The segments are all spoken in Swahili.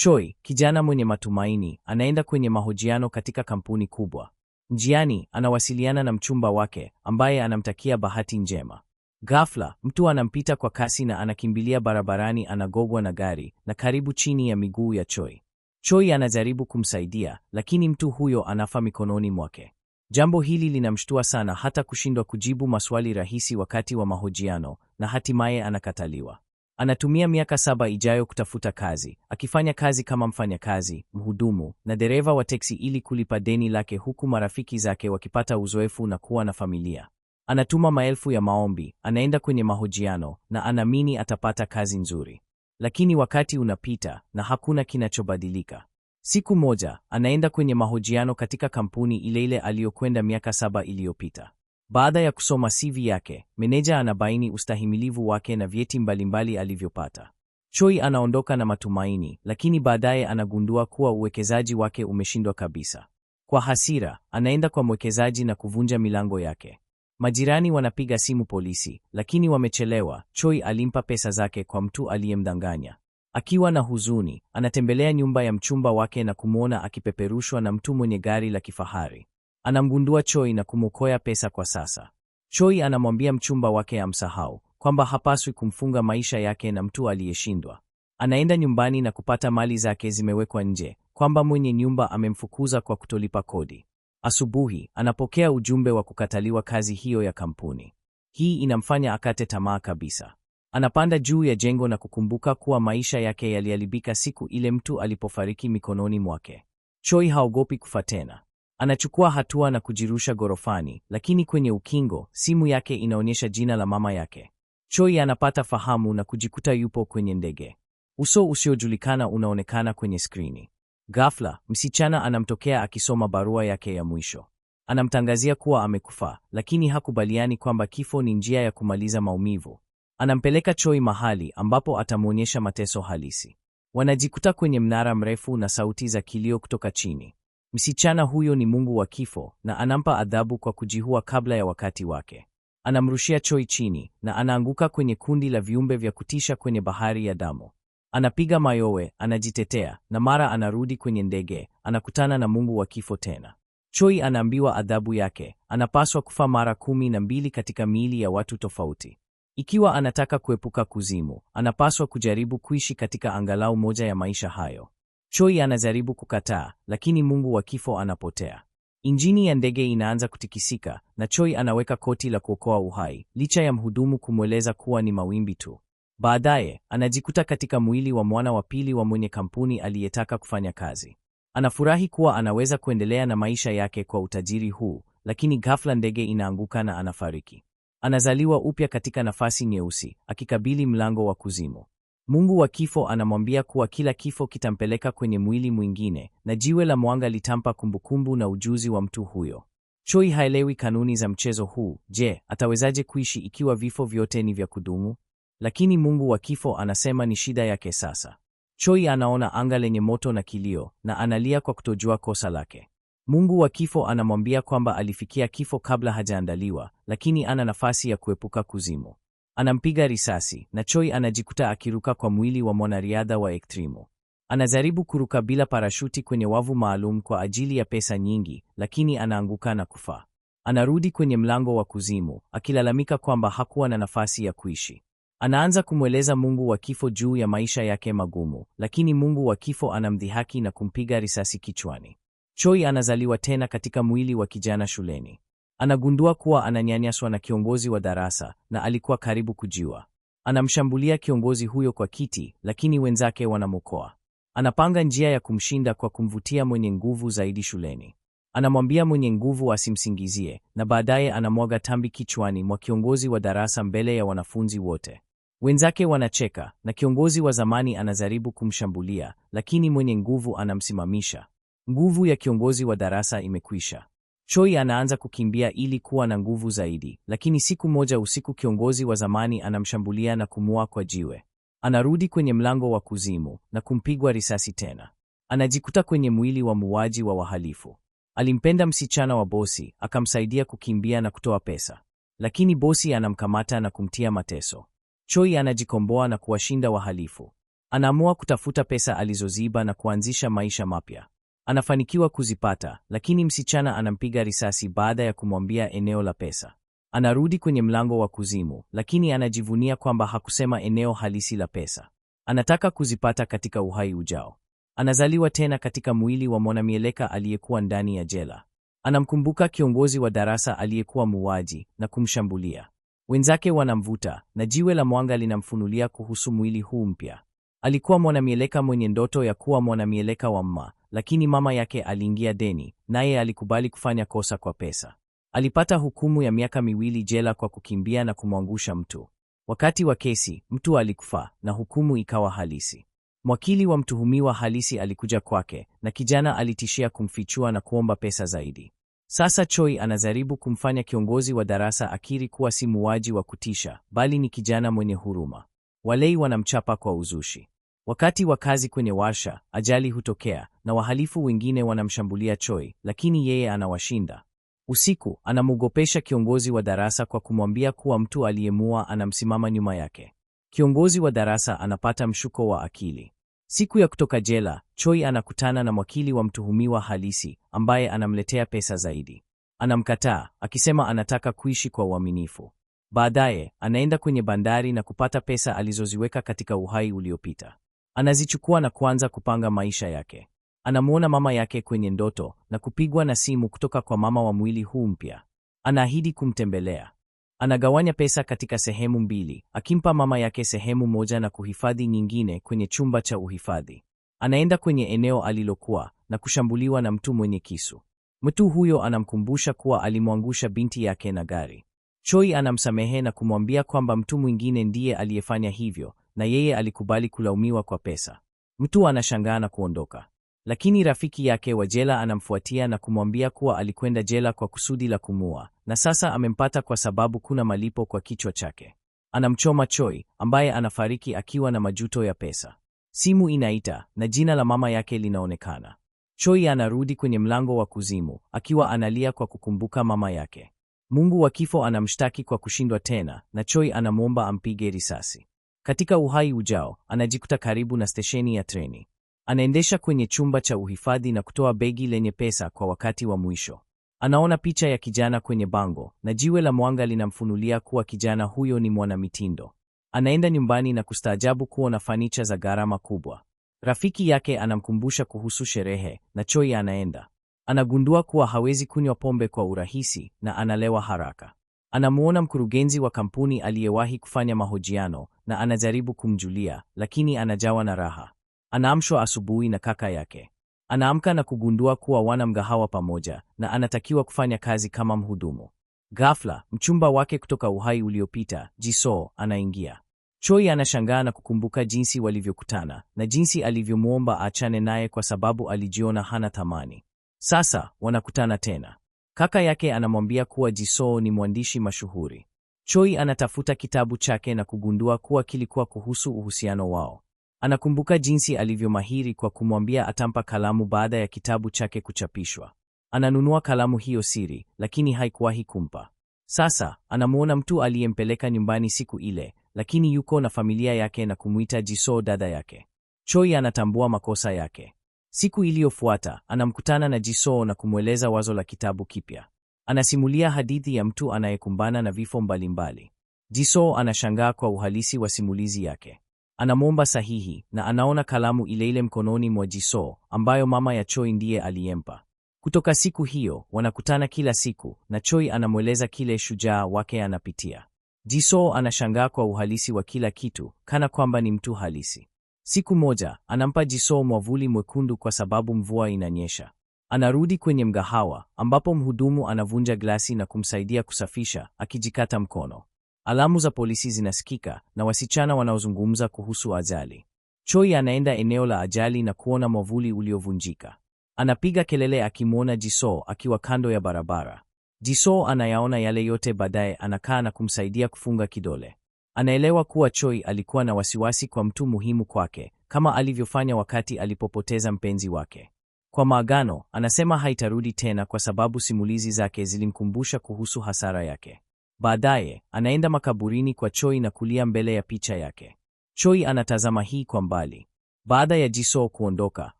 Choi, kijana mwenye matumaini, anaenda kwenye mahojiano katika kampuni kubwa. Njiani, anawasiliana na mchumba wake ambaye anamtakia bahati njema. Ghafla, mtu anampita kwa kasi na anakimbilia barabarani, anagogwa na gari na karibu chini ya miguu ya Choi. Choi anajaribu kumsaidia, lakini mtu huyo anafa mikononi mwake. Jambo hili linamshtua sana hata kushindwa kujibu maswali rahisi wakati wa mahojiano na hatimaye anakataliwa. Anatumia miaka saba ijayo kutafuta kazi, akifanya kazi kama mfanyakazi, mhudumu na dereva wa teksi ili kulipa deni lake, huku marafiki zake wakipata uzoefu na kuwa na familia. Anatuma maelfu ya maombi, anaenda kwenye mahojiano na anaamini atapata kazi nzuri, lakini wakati unapita na hakuna kinachobadilika. Siku moja anaenda kwenye mahojiano katika kampuni ile ile aliyokwenda miaka saba iliyopita. Baada ya kusoma CV yake, meneja anabaini ustahimilivu wake na vyeti mbalimbali alivyopata. Choi anaondoka na matumaini, lakini baadaye anagundua kuwa uwekezaji wake umeshindwa kabisa. Kwa hasira, anaenda kwa mwekezaji na kuvunja milango yake. Majirani wanapiga simu polisi, lakini wamechelewa. Choi alimpa pesa zake kwa mtu aliyemdanganya. Akiwa na huzuni, anatembelea nyumba ya mchumba wake na kumwona akipeperushwa na mtu mwenye gari la kifahari anamgundua Choi na kumwokoya pesa kwa sasa. Choi anamwambia mchumba wake amsahau, kwamba hapaswi kumfunga maisha yake na mtu aliyeshindwa. Anaenda nyumbani na kupata mali zake zimewekwa nje, kwamba mwenye nyumba amemfukuza kwa kutolipa kodi. Asubuhi, anapokea ujumbe wa kukataliwa kazi hiyo ya kampuni. Hii inamfanya akate tamaa kabisa. Anapanda juu ya jengo na kukumbuka kuwa maisha yake yaliharibika siku ile mtu alipofariki mikononi mwake. Choi haogopi kufa tena. Anachukua hatua na kujirusha gorofani, lakini kwenye ukingo, simu yake inaonyesha jina la mama yake. Choi anapata fahamu na kujikuta yupo kwenye ndege. Uso usiojulikana unaonekana kwenye skrini. Ghafla, msichana anamtokea akisoma barua yake ya mwisho. Anamtangazia kuwa amekufa, lakini hakubaliani kwamba kifo ni njia ya kumaliza maumivu. Anampeleka Choi mahali ambapo atamwonyesha mateso halisi. Wanajikuta kwenye mnara mrefu na sauti za kilio kutoka chini. Msichana huyo ni mungu wa kifo na anampa adhabu kwa kujihua kabla ya wakati wake. Anamrushia Choi chini na anaanguka kwenye kundi la viumbe vya kutisha kwenye bahari ya damu. Anapiga mayowe, anajitetea na mara anarudi kwenye ndege, anakutana na mungu wa kifo tena. Choi anaambiwa adhabu yake, anapaswa kufa mara kumi na mbili katika miili ya watu tofauti. Ikiwa anataka kuepuka kuzimu, anapaswa kujaribu kuishi katika angalau moja ya maisha hayo. Choi anajaribu kukataa, lakini Mungu wa kifo anapotea. Injini ya ndege inaanza kutikisika na Choi anaweka koti la kuokoa uhai, licha ya mhudumu kumweleza kuwa ni mawimbi tu. Baadaye anajikuta katika mwili wa mwana wa pili wa mwenye kampuni aliyetaka kufanya kazi. Anafurahi kuwa anaweza kuendelea na maisha yake kwa utajiri huu, lakini ghafla ndege inaanguka na anafariki. Anazaliwa upya katika nafasi nyeusi, akikabili mlango wa kuzimu. Mungu wa kifo anamwambia kuwa kila kifo kitampeleka kwenye mwili mwingine, na jiwe la mwanga litampa kumbukumbu na ujuzi wa mtu huyo. Choi haelewi kanuni za mchezo huu. Je, atawezaje kuishi ikiwa vifo vyote ni vya kudumu? Lakini Mungu wa kifo anasema ni shida yake sasa. Choi anaona anga lenye moto na kilio, na analia kwa kutojua kosa lake. Mungu wa kifo anamwambia kwamba alifikia kifo kabla hajaandaliwa, lakini ana nafasi ya kuepuka kuzimu. Anampiga risasi na Choi anajikuta akiruka kwa mwili wa mwanariadha wa Ektrimo. Anajaribu kuruka bila parashuti kwenye wavu maalum kwa ajili ya pesa nyingi, lakini anaanguka na kufa. Anarudi kwenye mlango wa kuzimu akilalamika kwamba hakuwa na nafasi ya kuishi. Anaanza kumweleza Mungu wa kifo juu ya maisha yake magumu, lakini Mungu wa kifo anamdhihaki na kumpiga risasi kichwani. Choi anazaliwa tena katika mwili wa kijana shuleni. Anagundua kuwa ananyanyaswa na kiongozi wa darasa na alikuwa karibu kujiua. Anamshambulia kiongozi huyo kwa kiti, lakini wenzake wanamokoa Anapanga njia ya kumshinda kwa kumvutia mwenye nguvu zaidi shuleni. Anamwambia mwenye nguvu asimsingizie na baadaye anamwaga tambi kichwani mwa kiongozi wa darasa mbele ya wanafunzi wote. Wenzake wanacheka na kiongozi wa zamani anajaribu kumshambulia, lakini mwenye nguvu anamsimamisha. Nguvu ya kiongozi wa darasa imekwisha. Choi anaanza kukimbia ili kuwa na nguvu zaidi, lakini siku moja usiku kiongozi wa zamani anamshambulia na kumua kwa jiwe. Anarudi kwenye mlango wa kuzimu na kumpigwa risasi tena. Anajikuta kwenye mwili wa muuaji wa wahalifu. Alimpenda msichana wa bosi, akamsaidia kukimbia na kutoa pesa, lakini bosi anamkamata na kumtia mateso. Choi anajikomboa na kuwashinda wahalifu. Anaamua kutafuta pesa alizoziba na kuanzisha maisha mapya. Anafanikiwa kuzipata, lakini msichana anampiga risasi baada ya kumwambia eneo la pesa. Anarudi kwenye mlango wa kuzimu, lakini anajivunia kwamba hakusema eneo halisi la pesa. Anataka kuzipata katika uhai ujao. Anazaliwa tena katika mwili wa mwanamieleka aliyekuwa ndani ya jela. Anamkumbuka kiongozi wa darasa aliyekuwa muuaji na kumshambulia. Wenzake wanamvuta na jiwe la mwanga linamfunulia kuhusu mwili huu mpya. Alikuwa mwanamieleka mwenye ndoto ya kuwa mwanamieleka wa mma lakini mama yake aliingia deni, naye alikubali kufanya kosa kwa pesa. Alipata hukumu ya miaka miwili jela kwa kukimbia na kumwangusha mtu. Wakati wa kesi, mtu alikufa na hukumu ikawa halisi. Mwakili wa mtuhumiwa halisi alikuja kwake na kijana alitishia kumfichua na kuomba pesa zaidi. Sasa Choi anajaribu kumfanya kiongozi wa darasa akiri kuwa si muuaji wa kutisha, bali ni kijana mwenye huruma. Walei wanamchapa kwa uzushi. Wakati wa kazi kwenye warsha, ajali hutokea na wahalifu wengine wanamshambulia Choi, lakini yeye anawashinda. Usiku anamwogopesha kiongozi wa darasa kwa kumwambia kuwa mtu aliyemua anamsimama nyuma yake. Kiongozi wa darasa anapata mshuko wa akili. Siku ya kutoka jela, Choi anakutana na mwakili wa mtuhumiwa halisi ambaye anamletea pesa zaidi. Anamkataa akisema anataka kuishi kwa uaminifu. Baadaye anaenda kwenye bandari na kupata pesa alizoziweka katika uhai uliopita. Anazichukua na kuanza kupanga maisha yake. Anamuona mama yake kwenye ndoto na kupigwa na simu kutoka kwa mama wa mwili huu mpya. Anaahidi kumtembelea. Anagawanya pesa katika sehemu mbili, akimpa mama yake sehemu moja na kuhifadhi nyingine kwenye chumba cha uhifadhi. Anaenda kwenye eneo alilokuwa na kushambuliwa na mtu mwenye kisu. Mtu huyo anamkumbusha kuwa alimwangusha binti yake na gari. Choi anamsamehe na kumwambia kwamba mtu mwingine ndiye aliyefanya hivyo na yeye alikubali kulaumiwa kwa pesa. Mtu anashangaa na kuondoka, lakini rafiki yake wa jela anamfuatia na kumwambia kuwa alikwenda jela kwa kusudi la kumua na sasa amempata kwa sababu kuna malipo kwa kichwa chake. Anamchoma Choi ambaye anafariki akiwa na majuto ya pesa. Simu inaita na jina la mama yake linaonekana. Choi anarudi kwenye mlango wa kuzimu akiwa analia kwa kukumbuka mama yake. Mungu wa kifo anamshtaki kwa kushindwa tena na Choi anamwomba ampige risasi. Katika uhai ujao, anajikuta karibu na stesheni ya treni. Anaendesha kwenye chumba cha uhifadhi na kutoa begi lenye pesa kwa wakati wa mwisho. Anaona picha ya kijana kwenye bango na jiwe la mwanga linamfunulia kuwa kijana huyo ni mwanamitindo. Anaenda nyumbani na kustaajabu kuona fanicha za gharama kubwa. Rafiki yake anamkumbusha kuhusu sherehe na Choi anaenda. Anagundua kuwa hawezi kunywa pombe kwa urahisi na analewa haraka. Anamuona mkurugenzi wa kampuni aliyewahi kufanya mahojiano na anajaribu kumjulia, lakini anajawa na raha. Anaamshwa asubuhi na kaka yake. Anaamka na kugundua kuwa wana mgahawa pamoja na anatakiwa kufanya kazi kama mhudumu. Ghafla, mchumba wake kutoka uhai uliopita, Jisoo, anaingia. Choi anashangaa na kukumbuka jinsi walivyokutana na jinsi alivyomwomba aachane naye kwa sababu alijiona hana thamani. Sasa wanakutana tena. Kaka yake anamwambia kuwa Jisoo ni mwandishi mashuhuri. Choi anatafuta kitabu chake na kugundua kuwa kilikuwa kuhusu uhusiano wao. Anakumbuka jinsi alivyomahiri kwa kumwambia atampa kalamu baada ya kitabu chake kuchapishwa. Ananunua kalamu hiyo siri, lakini haikuwahi kumpa. Sasa anamuona mtu aliyempeleka nyumbani siku ile, lakini yuko na familia yake na kumwita Jisoo dada yake. Choi anatambua makosa yake. Siku iliyofuata anamkutana na Jisoo na kumweleza wazo la kitabu kipya. Anasimulia hadithi ya mtu anayekumbana na vifo mbalimbali. jiso anashangaa kwa uhalisi wa simulizi yake. Anamwomba sahihi na anaona kalamu ile ile mkononi mwa jiso ambayo mama ya Choi ndiye aliyempa. Kutoka siku hiyo wanakutana kila siku na Choi anamweleza kile shujaa wake anapitia. jiso anashangaa kwa uhalisi wa kila kitu kana kwamba ni mtu halisi. Siku moja anampa jiso mwavuli mwekundu kwa sababu mvua inanyesha. Anarudi kwenye mgahawa ambapo mhudumu anavunja glasi na kumsaidia kusafisha akijikata mkono. Alamu za polisi zinasikika na wasichana wanaozungumza kuhusu ajali. Choi anaenda eneo la ajali na kuona mwavuli uliovunjika. Anapiga kelele akimwona jiso akiwa kando ya barabara. Jisoo anayaona yale yote, baadaye anakaa na kumsaidia kufunga kidole. Anaelewa kuwa Choi alikuwa na wasiwasi kwa mtu muhimu kwake, kama alivyofanya wakati alipopoteza mpenzi wake. Kwa maagano, anasema haitarudi tena kwa sababu simulizi zake zilimkumbusha kuhusu hasara yake. Baadaye, anaenda makaburini kwa Choi na kulia mbele ya picha yake. Choi anatazama hii kwa mbali. Baada ya Jisoo kuondoka,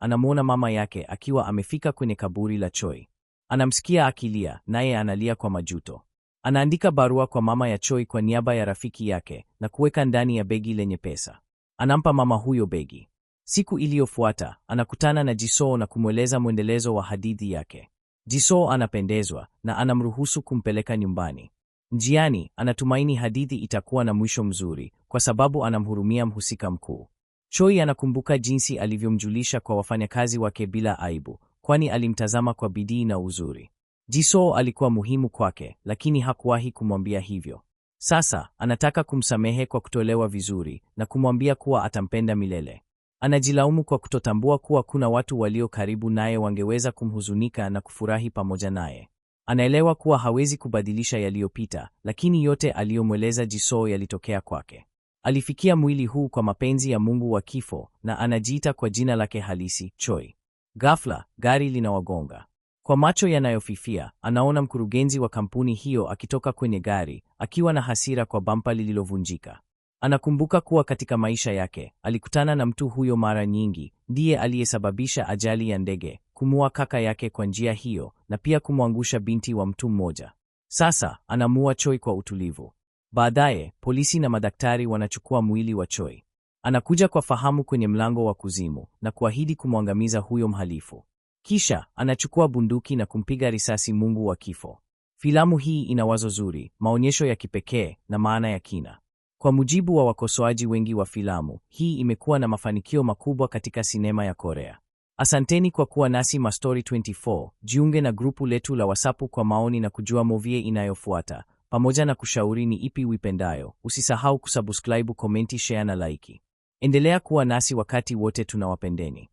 anamwona mama yake akiwa amefika kwenye kaburi la Choi. Anamsikia akilia, naye analia kwa majuto. Anaandika barua kwa mama ya Choi kwa niaba ya rafiki yake na kuweka ndani ya begi lenye pesa. Anampa mama huyo begi. Siku iliyofuata anakutana na Jisoo na kumweleza mwendelezo wa hadithi yake. Jisoo anapendezwa na anamruhusu kumpeleka nyumbani. Njiani anatumaini hadithi itakuwa na mwisho mzuri kwa sababu anamhurumia mhusika mkuu. Choi anakumbuka jinsi alivyomjulisha kwa wafanyakazi wake bila aibu, kwani alimtazama kwa bidii na uzuri. Jisoo alikuwa muhimu kwake, lakini hakuwahi kumwambia hivyo. Sasa anataka kumsamehe kwa kutolewa vizuri na kumwambia kuwa atampenda milele. Anajilaumu kwa kutotambua kuwa kuna watu walio karibu naye wangeweza kumhuzunika na kufurahi pamoja naye. Anaelewa kuwa hawezi kubadilisha yaliyopita, lakini yote aliyomweleza Jisoo yalitokea kwake. Alifikia mwili huu kwa mapenzi ya Mungu wa kifo na anajiita kwa jina lake halisi Choi. Ghafla, gari linawagonga. Kwa macho yanayofifia, anaona mkurugenzi wa kampuni hiyo akitoka kwenye gari, akiwa na hasira kwa bampa lililovunjika. Anakumbuka kuwa katika maisha yake alikutana na mtu huyo mara nyingi, ndiye aliyesababisha ajali ya ndege, kumua kaka yake kwa njia hiyo, na pia kumwangusha binti wa mtu mmoja. Sasa anamua Choi kwa utulivu. Baadaye polisi na madaktari wanachukua mwili wa Choi. Anakuja kwa fahamu kwenye mlango wa kuzimu na kuahidi kumwangamiza huyo mhalifu. Kisha anachukua bunduki na kumpiga risasi Mungu wa kifo. Filamu hii ina wazo zuri, maonyesho ya kipekee na maana ya kina. Kwa mujibu wa wakosoaji wengi wa filamu, hii imekuwa na mafanikio makubwa katika sinema ya Korea. Asanteni kwa kuwa nasi Mastori 24. Jiunge na grupu letu la WhatsApp kwa maoni na kujua movie inayofuata, pamoja na kushauri ni ipi uipendayo. Usisahau kusubscribe, komenti, share na laiki. Endelea kuwa nasi wakati wote, tunawapendeni.